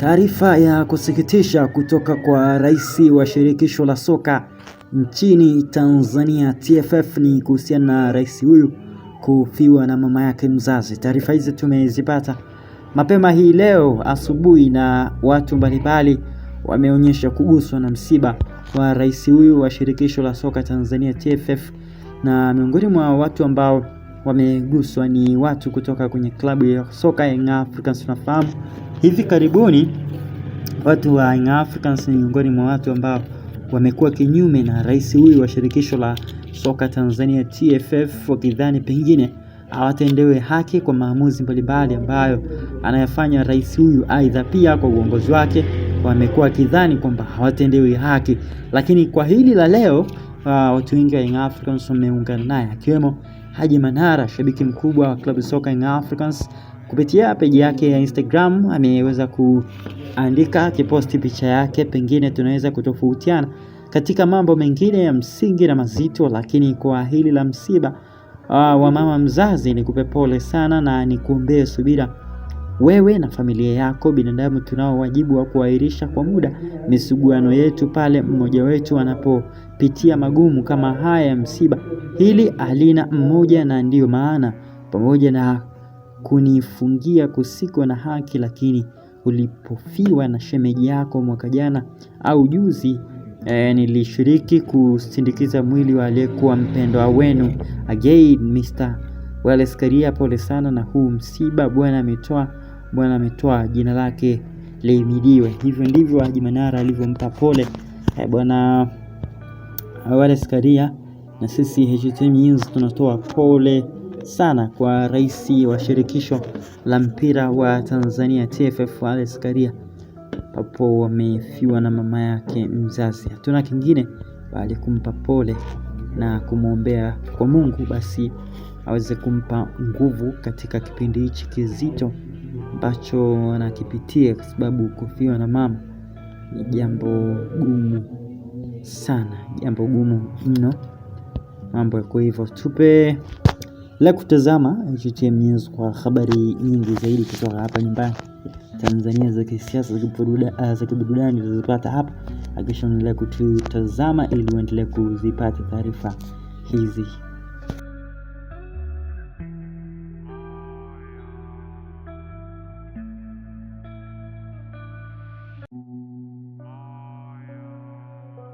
Taarifa ya kusikitisha kutoka kwa rais wa shirikisho la soka nchini Tanzania TFF ni kuhusiana na rais huyu kufiwa na mama yake mzazi. Taarifa hizi tumezipata mapema hii leo asubuhi, na watu mbalimbali wameonyesha kuguswa na msiba wa rais huyu wa shirikisho la soka Tanzania TFF, na miongoni mwa watu ambao wameguswa ni watu kutoka kwenye klabu ya soka ya Young Africans. Tunafahamu hivi karibuni watu wa Young Africans ni miongoni mwa watu ambao wamekuwa kinyume na rais huyu wa shirikisho la soka Tanzania TFF, wakidhani pengine hawatendewe haki kwa maamuzi mbalimbali ambayo anayafanya rais huyu, aidha pia kwa uongozi wake wamekuwa wakidhani kwamba hawatendewi haki. Lakini kwa hili la leo, uh, watu wengi wa Young Africans wameungana naye akiwemo Haji Manara, shabiki mkubwa wa klabu soka Young Africans, kupitia peji yake ya Instagram ameweza kuandika akiposti picha yake, pengine tunaweza kutofautiana katika mambo mengine ya msingi na mazito, lakini kwa hili la msiba uh, wa mama mzazi nikupe pole sana na nikuombee subira wewe na familia yako binadamu, tunao wajibu wa kuahirisha kwa muda misuguano yetu pale mmoja wetu anapopitia magumu kama haya ya msiba. Hili halina mmoja, na ndiyo maana pamoja na kunifungia kusiko na haki, lakini ulipofiwa na shemeji yako mwaka jana au juzi E, nilishiriki kusindikiza mwili wa aliyekuwa mpendwa wenu. Again Mr. Wallace Karia, pole sana na huu msiba, Bwana ametoa Bwana ametoa jina lake lihimidiwe. Hivyo ndivyo Haji Manara alivyompa pole eh, bwana Wallace Karia, na sisi HTM News tunatoa pole sana kwa rais wa shirikisho la mpira wa Tanzania TFF Wallace Karia, papo wamefiwa na mama yake mzazi. Hatuna kingine bali kumpa pole na kumwombea kwa Mungu basi aweze kumpa nguvu katika kipindi hichi kizito ambacho wanakipitia kwa sababu kufiwa na mama ni jambo gumu sana, jambo gumu mno. Mambo yako hivyo, tupe la kutazama HTM News kwa habari nyingi zaidi kutoka hapa nyumbani Tanzania, za kisiasa, za ah, kiburudani utazipata hapa. akisha unaendelea kututazama ili uendelee kuzipata taarifa hizi.